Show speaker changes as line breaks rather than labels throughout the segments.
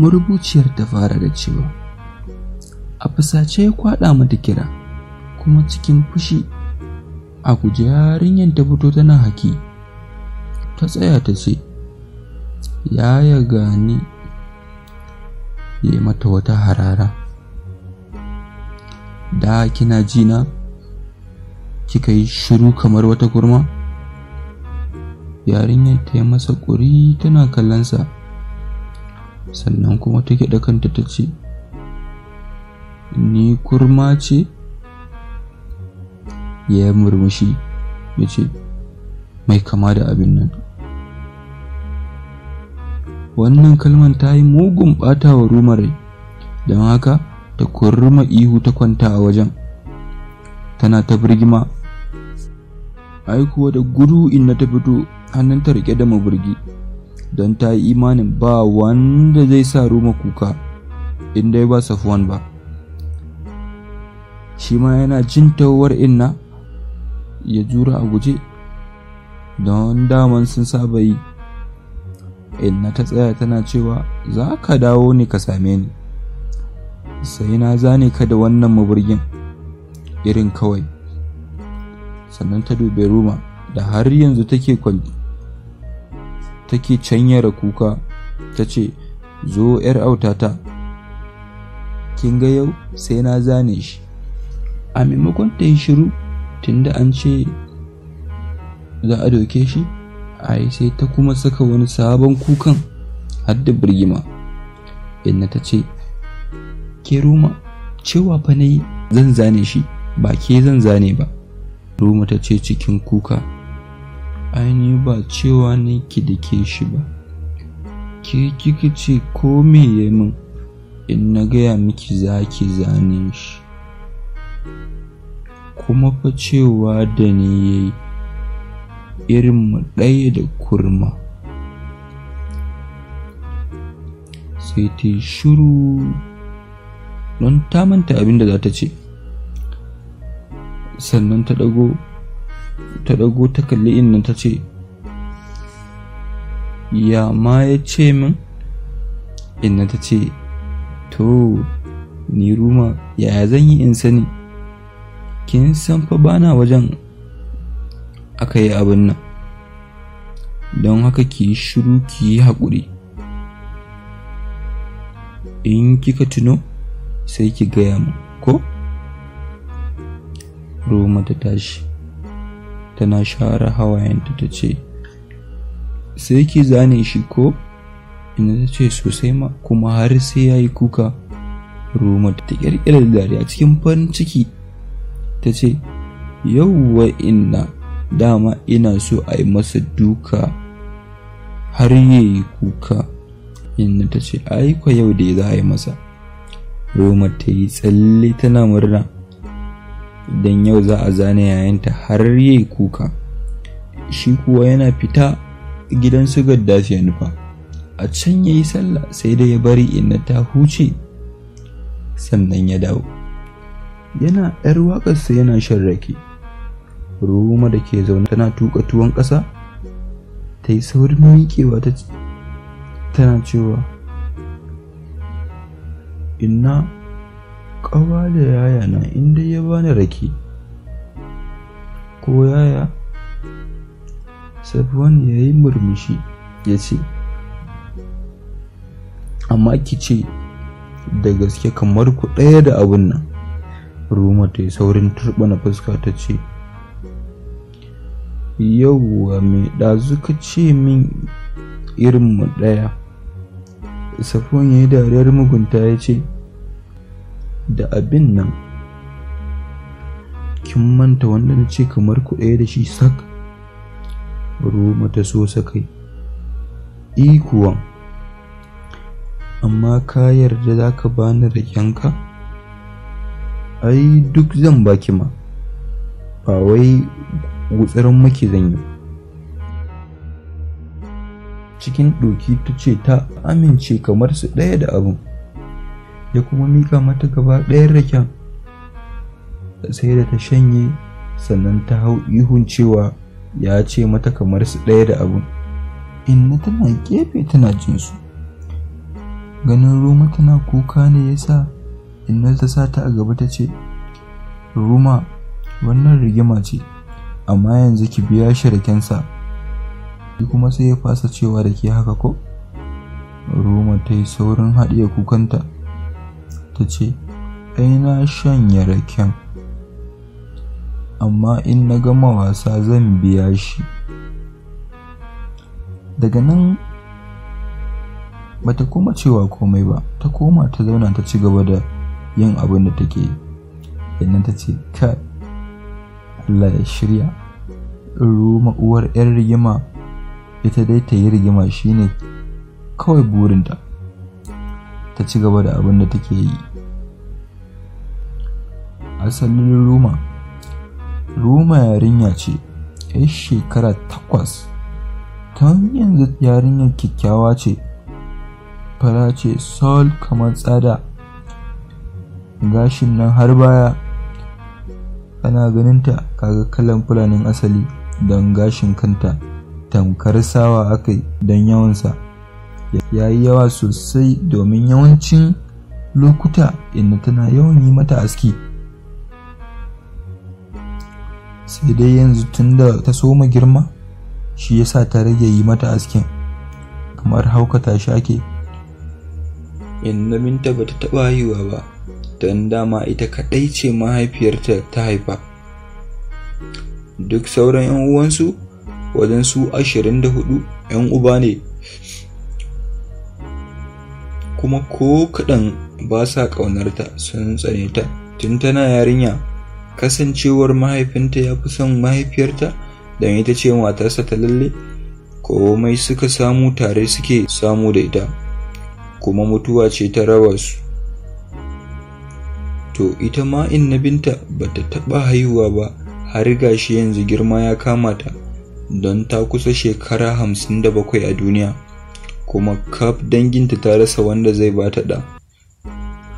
marubuciyar ta fara da cewa a fusace ya kwaɗa mata kira kuma cikin fushi a guje yarinyar ta fito tana haki ta tsaya ta ce ya ya gani ya yi mata wata harara da kina jina kika yi shiru kamar wata kurma yarinyar ta yi masa ƙuri tana kallonsa sannan kuma ta gyaɗa kanta ta ce ni kurma ce ya murmushi ya ce mai kama da abin nan wannan kalman ta yi mugun ɓata wa rumare don haka ta kurma ihu ta kwanta a wajen tana ta birgima ai kuwa da gudu in na ta fito hannun ta rike da maburgi don ta yi imanin ba wanda zai sa Roma kuka in dai ba safuwan ba shi ma yana jin tawar inna ya jura a guje don daman sun saba yi inna ta tsaya tana cewa za ka dawo ne ka same ni sai na zane ka da wannan maburgin irin kawai sannan ta dube roma da har yanzu take kwalli take canyara kuka ta ce zo ‘yar autata kin ga yau sai na zane shi a maimakon ta yi shiru tunda an ce za a doke shi ai sai ta kuma saka wani sabon kukan har da birgima inna ta ce ke ruma cewa fa na yi zan zane shi ba ke zan zane ba ruma ta ce cikin kuka aini ba cewa ne ki da ke shi ba ke kika ce ko me ya min in na gaya miki za ki zane shi kuma fa cewa da ne ya yi irin mu ɗaya da kurma sai ta yi shuru don ta manta abinda da za ta ce sannan ta ɗago ta ɗago ta kalli inna ta ce ya ma ya ce min inna ta ce to ni ruma yaya zan yi in sani kin san fa bana wajen aka yi abin nan don haka ki shiru ki yi haƙuri in kika tuno sai ki gaya mu ko roma ta tashi tana share hawayenta ta ce sai ki zane shi ko ina ta ce sosai ma kuma har sai ya yi kuka roma ta ƙirƙirar dariya cikin farin ciki ta ce yauwa ina dama ina so a yi masa duka har ya yi kuka inna ta ce aiko yau da ya za a yi masa roma ta yi tsalle tana murna don yau za a zane yayanta har yayi kuka shi kuwa yana fita gidan su gaddafi nufa a can ya yi sallah sai da ya bari inna ta huce sannan ya dawo yana yar waƙarsa yana shan rake roma da ke zaune tana tuka tuwon ƙasa ta yi saurin miƙewa tana cewa inna kawa da yaya na inda ya bani rake ko yaya safwan ya yi murmushi ya ce amma ki ce da gaske kamar ku ɗaya da abin nan Roma ta yi saurin turbana fuska ta ce yauwa mai ɗazu ka ce min mu ɗaya safwan ya yi dariyar mugunta ya ce da abin nan kin manta wanda na ce kamar ku ɗaya da shi sak roma ta so sakai ikuwan amma ka yarda za ka bani rakenka ai duk zan baki ma ba wai gutsirin maki zan yi cikin ɗoki ta ce ta amince kamar su ɗaya da abin ya kuma mika mata gaba ɗayan raken sai da ta shanye sannan ta hau ihun cewa ya ce mata kamar su ɗaya da abin inna tana gefe tana jin su. ganin roma tana kuka ne ya sa inna ta sa ta a gaba ta ce roma wannan rigima ce amma yanzu ki biya shi rakensa kuma sai ya fasa cewa da ke haka ko roma ta yi saurin haɗiye kukanta ta ce ai na shanya raken amma in na gama wasa zan biya shi daga nan bata koma cewa komai ba ta koma ta zauna ta ci gaba da yin abin da take yi sannan ta ce ka Allah ya shirya ruma uwar 'yan rigima ita dai ta yi rigima shine kawai burinta ta ci gaba da abin da take yi asalin ruma ruma yarinya ce 'yar shekara takwas tun yanzu yarinyar kyakkyawa ce fara ce sol kamar tsada gashin nan har baya ana ganinta kaga kalan fulanin asali don gashin kanta tamkar sawa aka yi don yawansa ya yi yawa sosai domin yawancin lokuta inda tana yawan yi mata aski sai dai yanzu tunda ta soma girma shi yasa ta rage yi mata askin kamar haukata shi ke. inna minta bata taba haihuwa ba don dama ita kadai ce mahaifiyarta ta haifa duk sauran 'yan uwansu wajen su ashirin da hudu 'yan uba ne kuma ko kaɗan ba sa ƙaunarta sun tsane ta tun tana yarinya kasancewar mahaifinta ya fi son mahaifiyarta don ita ce matarsa ta lalle komai suka samu tare suke samu da ita kuma mutuwa ce ta raba su to ita ma binta ba ta taba haihuwa ba har gashi yanzu girma ya kama ta don ta kusa shekara hamsin da bakwai a duniya kuma kaf danginta ta rasa wanda zai bata da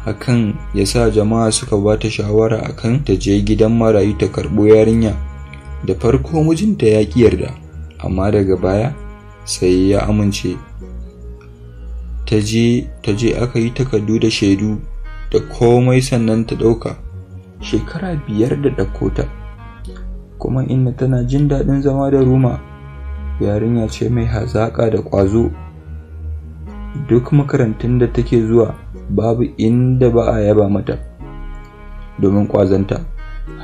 hakan ya sa jama'a suka ba ta shawara akan ta je gidan marayu ta karɓo yarinya da farko mijinta ya ƙi yarda amma daga baya sai ya amince ta je ta je aka yi takardu da shaidu da komai sannan ta ɗauka shekara biyar da ɗaukota kuma inna tana jin daɗin zama da ruma yarinya ce mai hazaƙa da ƙwazo duk makarantun da take zuwa babu inda ba a yaba mata domin kwazanta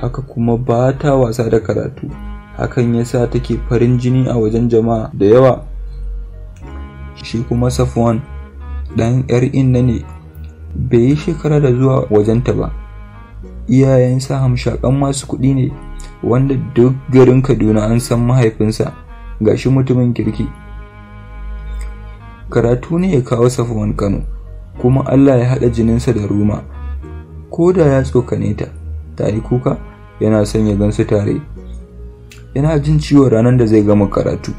haka kuma ba ta wasa da karatu hakan ya sa take farin jini a wajen jama'a da yawa shi kuma safwan ɗan yar inna ne bai yi shekara da zuwa wajenta ba iyayensa hamshakan masu kuɗi ne wanda duk garin kaduna an san mahaifinsa gashi mutumin kirki karatu ne ya kawo safwan kano kuma Allah ya haɗa jininsa da ruma. ko da ya tsokane ta ta yi kuka yana son ya gansu tare yana jin ciwo ranar da zai gama karatu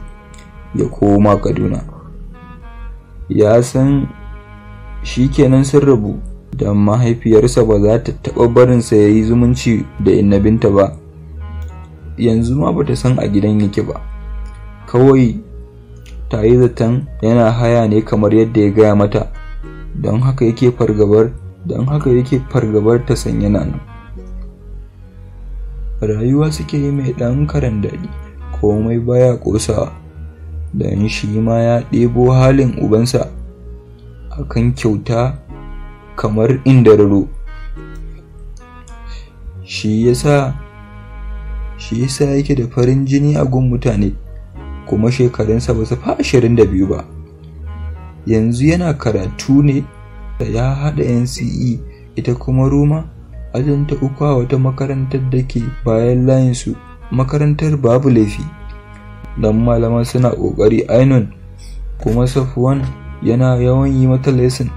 ya koma Kaduna ya san shi kenan sun rabu da mahaifiyarsa ba za ta taɓa barinsa ya yi zumunci da inabinta ba yanzu ma bata san a gidan yake ba kawai ta yi zaton yana haya ne kamar yadda ya gaya mata don haka yake fargabar don haka yake fargabar ta sanya nan rayuwa suke yi mai ɗan karan daɗi komai baya ƙosawa don shi ma ya ɗebo halin ubansa akan kyauta kamar inda raro shi yasa shi yasa yake da farin jini a gun mutane kuma shekarunsa ba su fa ashirin da biyu ba yanzu yana karatu ne da ya haɗa NCE ita kuma Roma ajin ta uku a wata makarantar da ke bayan layin su makarantar babu laifi don malaman suna ƙoƙari ainun kuma safuwan yana yawan yi mata lesson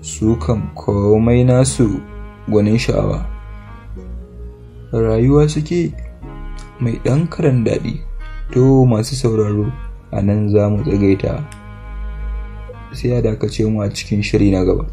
su kam komai nasu gwanin sha'awa rayuwa suke mai ɗan karan daɗi to masu sauraro a nan za mu tsagaita sai a dakace mu a cikin shiri na gaba.